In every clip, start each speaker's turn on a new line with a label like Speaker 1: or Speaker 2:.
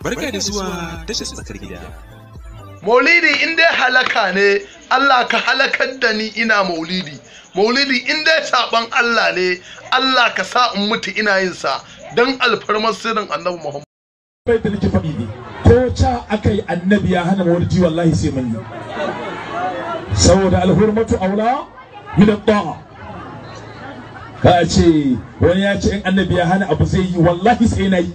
Speaker 1: Barka da zuwa tashar tsakar gida. Maulidi in dai halaka ne, Allah ka halakar da ni ina maulidi. Maulidi in dai saban Allah ne, Allah ka sa in mutu ina yin sa don alfarmar sirrin Annabi Muhammad. Bai da nake faɗi ne, ko ca aka yi annabi ya hana ji wallahi sai mun yi. Saboda alhurmatu aula min ta'a. Ka ce wani ya ce in annabi ya hana abu zai yi wallahi sai na yi.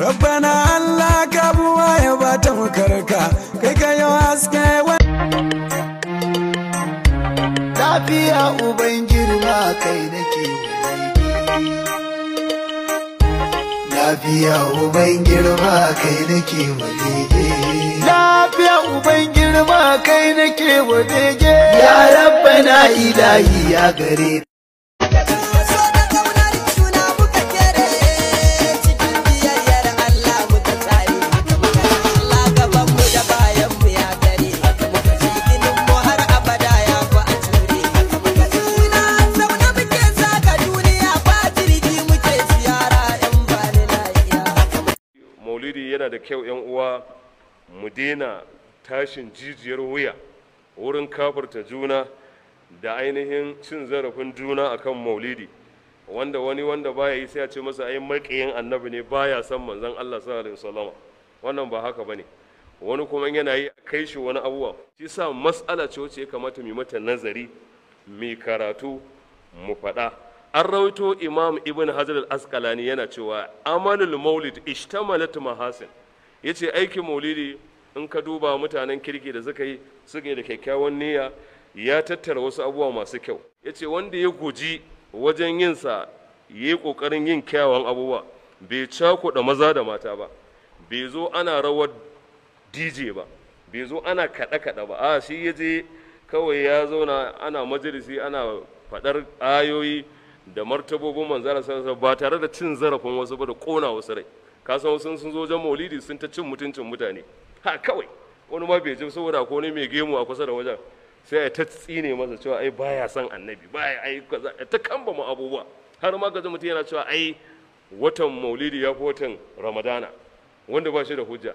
Speaker 2: rabbana allah ka buwa ya ba ta mukarka kai ka yi haske lafiya uban girma kai nake
Speaker 1: lafiya uban girma kai nake wadege lafiya uban girma kai nake wadege ya rabbana ilahi ya gare mu daina tashin jijiyar wuya wurin kafarta juna da ainihin cin zarafin juna akan maulidi wanda wani wanda baya yi sai a ce masa ayin maƙiyin annabi ne baya son manzon Allah sallallahu alaihi wasallam wannan ba haka bane wani kuma yana yi kai shi wani abuwa shi sa matsala ce wacce ya kamata mu mata nazari mu karatu mu faɗa an rawaito imam ibn hajar al-asqalani yana cewa amalul maulid ishtamalat mahasin ya ce aikin maulidi in ka duba mutanen kirki da suka yi suke da kyakkyawan niyya ya tattara wasu abubuwa masu kyau ya ce wanda ya guji wajen yinsa ya yi ƙoƙarin yin kyawawan abubuwa bai cakuɗa maza da mata ba bai zo ana rawar dj ba bai zo ana kaɗe-kaɗe ba a shi ya je kawai ya zauna ana majalisi ana faɗar ayoyi da martabobin manzara ba tare da cin zarafin wasu ba da kona wasu rai kasan wasu sun sun zo wajen maulidi sun ta cin mutuncin mutane ha kawai wani ma bai ji saboda ko ne mai gemu a kusa da wajen sai ta tsine masa cewa ai baya son annabi baya ai kaza ta kamba mu abubuwa har ma ga mutum yana cewa ai watan maulidi ya fi watan ramadana wanda ba shi da hujja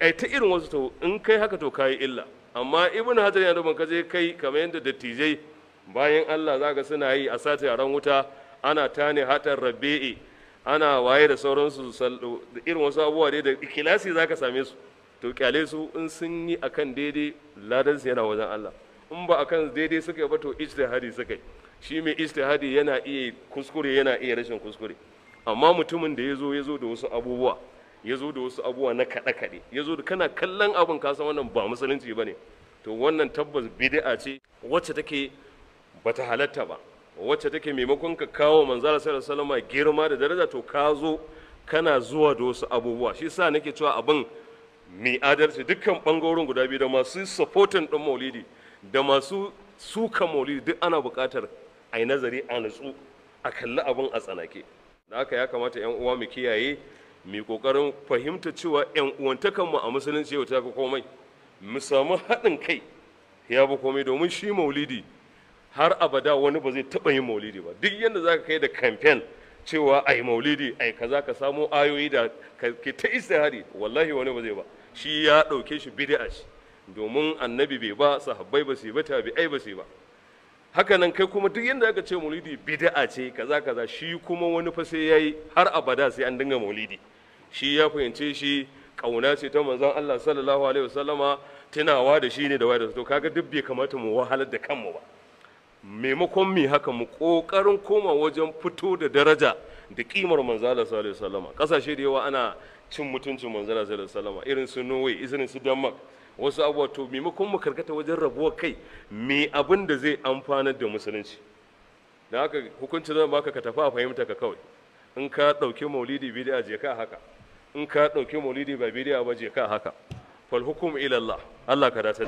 Speaker 1: ai ta irin wasu to in kai haka to kayi illa amma ibn hajar yana ka kaje kai kamar yadda dattijai bayan allah zaka suna yi a sati a ran wuta ana tane hatar rabi'i ana waye da sauransu da irin wasu abubuwa dai da ikilasi ka same su to kyale su in sun yi a kan daidai ladansu yana wajen Allah in ba a kan daidai suka yi ba to ijtihadi suka yi shi mai ijtihadi yana iya kuskure yana iya rashin kuskure amma mutumin da ya zo ya zo da wasu abubuwa ya zo da wasu abubuwa na kaɗe kaɗe zo da kana kallon abin ka san wannan ba musulunci ba ne to wannan tabbas bid'a ce wacce take bata halatta ba wacce take maimakon ka kawo manzala sallallahu alaihi wasallam girma da daraja to ka zo kana zuwa da wasu abubuwa shi sa nake cewa abin mai adalci dukkan bangarorin guda biyu da masu supporting din maulidi da masu suka maulidi duk ana buƙatar a yi nazari a natsu a kalli abin a tsanake da haka ya kamata yan uwa mu kiyaye mu kokarin fahimta cewa yan uwantakan mu a musulunci yau ta komai mu samu haɗin kai ya bi komai domin shi maulidi har abada wani ba zai taɓa yin maulidi ba duk yadda za ka kai da kamfen cewa a yi maulidi a yi kaza ka samo ayoyi da ke ta isa hari wallahi wani ba zai ba shi ya ɗauke shi bid'a shi domin annabi bai ba sahabbai ba su ba tabi'ai ba su ba hakanan kai kuma duk yadda aka ce maulidi bid'a ce kaza kaza shi kuma wani fa sai yayi har abada sai an dinga maulidi shi ya fahimce shi kauna ce ta manzon Allah sallallahu alaihi wasallama tunawa da shi ne da wayar to kaga duk bai kamata mu wahalar da kanmu ba maimakon mi haka mu ƙoƙarin koma wajen fito da daraja da kimar manzala sallallahu alaihi wasallam ƙasashe da yawa ana cin mutuncin manzala sallallahu alaihi wasallam irin su Norway irin su Denmark wasu abubuwa to maimakon mu karkata wajen rabuwa kai me abin da zai amfanar da musulunci da haka hukuncin zan baka ka tafi a fahimta ka kawai in ka dauke maulidi bidiya je ka haka in ka ɗauki maulidi ba bidiya ba je ka haka fal hukum ilallah Allah ka dace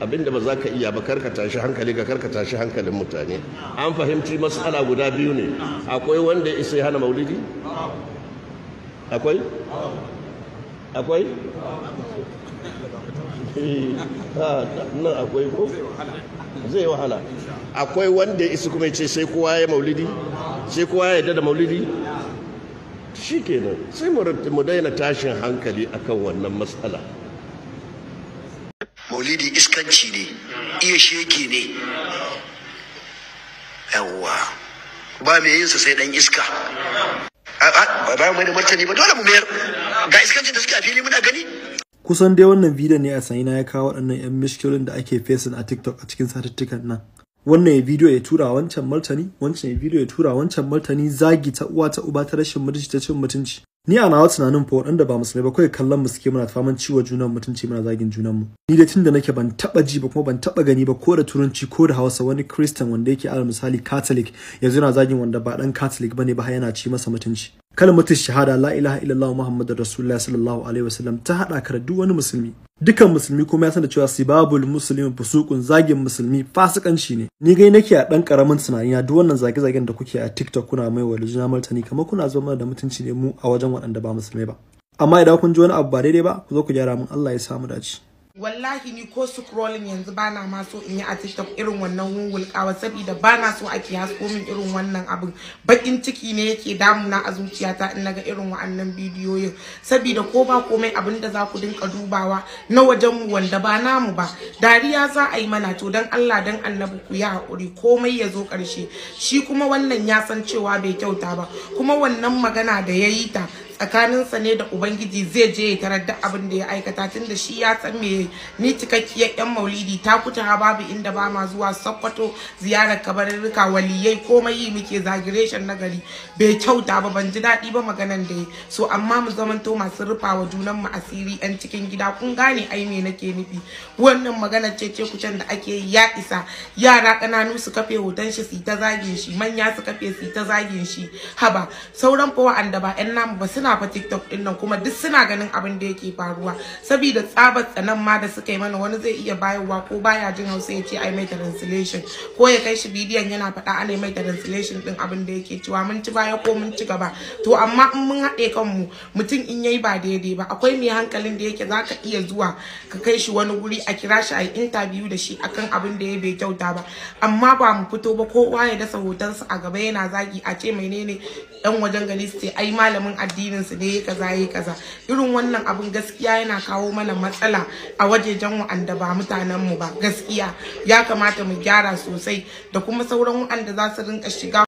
Speaker 1: abinda ba za ka iya ba karkata shi hankali ka karkata shi hankalin mutane an fahimci matsala guda biyu ne akwai wanda ya isa hana maulidi akwai akwai eh, nan akwai ko zai wahala akwai wanda ya isa kuma ya ce sai kowa ya maulidi sai kowa ya dada da maulidi shi kenan sai mu daina tashin hankali akan wannan matsala maulidi iskanci ne
Speaker 2: iya sheke ne yawwa ba mai yin sa sai dan iska ba mai da martani ba dole mu mayar ga
Speaker 1: iskanci da suke a fili muna gani kusan dai wannan bidiyon ne a sanina ya kawo waɗannan 'yan mishkilin da ake fesin a tiktok a cikin satuttukan nan wannan ya bidiyo ya tura wancan martani wancan ya bidiyo ya tura wancan martani zagi ta uwa ta uba ta rashin mutunci ta cin mutunci ni a nawa tunanin fa waɗanda ba musulmai ba kawai kallon mu suke muna faman ciwo junan mutunci muna zagin junan mu ni da tunda nake ban taba ji ba kuma ban taba gani ba ko da turanci ko da hausa wani christian wanda yake alal misali catholic yanzu yana zagin wanda ba dan catholic bane ba yana ci masa mutunci kalmatu shahada la ilaha illallah muhammadur rasulullah sallallahu alaihi wasallam ta hada ka duk wani musulmi dukan musulmi kuma ya san da cewa sibabul muslimin fusukun zagin musulmi fasikanci ne ni gai nake a dan karamin tunani duk wannan zage zagen da kuke a TikTok kuna mai walijina martani kamar kuna zama da mutunci ne mu a wajen waɗanda ba musulmai ba amma idan kun ji wani abu ba daidai ba ku zo ku gyara mun Allah ya samu dace
Speaker 2: wallahi ni ko scrolling yanzu bana ma so in yi a tiktok irin wannan wungulkawa saboda bana so ake hasko min irin wannan abin bakin ciki ne yake damuna a zuciyata in naga irin wa'annan bidiyoyin saboda ko ba komai abin da za ku dinka dubawa na wajen mu wanda ba namu ba dariya za a yi mana to dan Allah dan annabi ku ya hakuri komai ya zo karshe shi kuma wannan ya san cewa bai kyauta ba kuma wannan magana da yayi ta tsakaninsa ne da ubangiji zai je ya tarar da abin da ya aikata tun da shi ya san me ni cikakkiyar yan maulidi ta kuta babu inda ba ma zuwa sokoto ziyarar kabarurruka waliyai komai muke na gari bai kyauta ba ban ji daɗi ba maganan da ya so amma mu zamanto masu rufa wa junan mu asiri yan cikin gida kun gane ai me nake nufi wannan maganar ce ce kucen da ake yi ya isa yara ƙananu su kafe hoton shi su ta zagin shi manya su kafe su ta zagin shi haba sauran fa wa'anda ba yan namu ba suna suna fa TikTok din nan kuma duk suna ganin abin da yake faruwa saboda tsabar tsanan ma da suka yi mana wani zai iya bayarwa ko baya jin Hausa ya ce ai mai translation ko ya kai shi bidiyon yana faɗa ana mai translation din abin da yake cewa mun ci baya ko mun ci gaba to amma in mun haɗe kanmu mutum in yayi ba daidai ba akwai mai hankalin da yake zaka iya zuwa ka kai shi wani guri a kira shi a yi interview da shi akan abin da ya bai kyauta ba amma ba mu fito ba kowa ya dasa hotonsa a gaba yana zagi a ce menene dan wajen gari sai ai malamin addini aminin su ne kaza yi kaza irin wannan abin gaskiya yana kawo mana matsala a wajejen wa'anda ba mutanen mu ba gaskiya ya kamata mu gyara sosai da kuma sauran wa'anda za su rinka shiga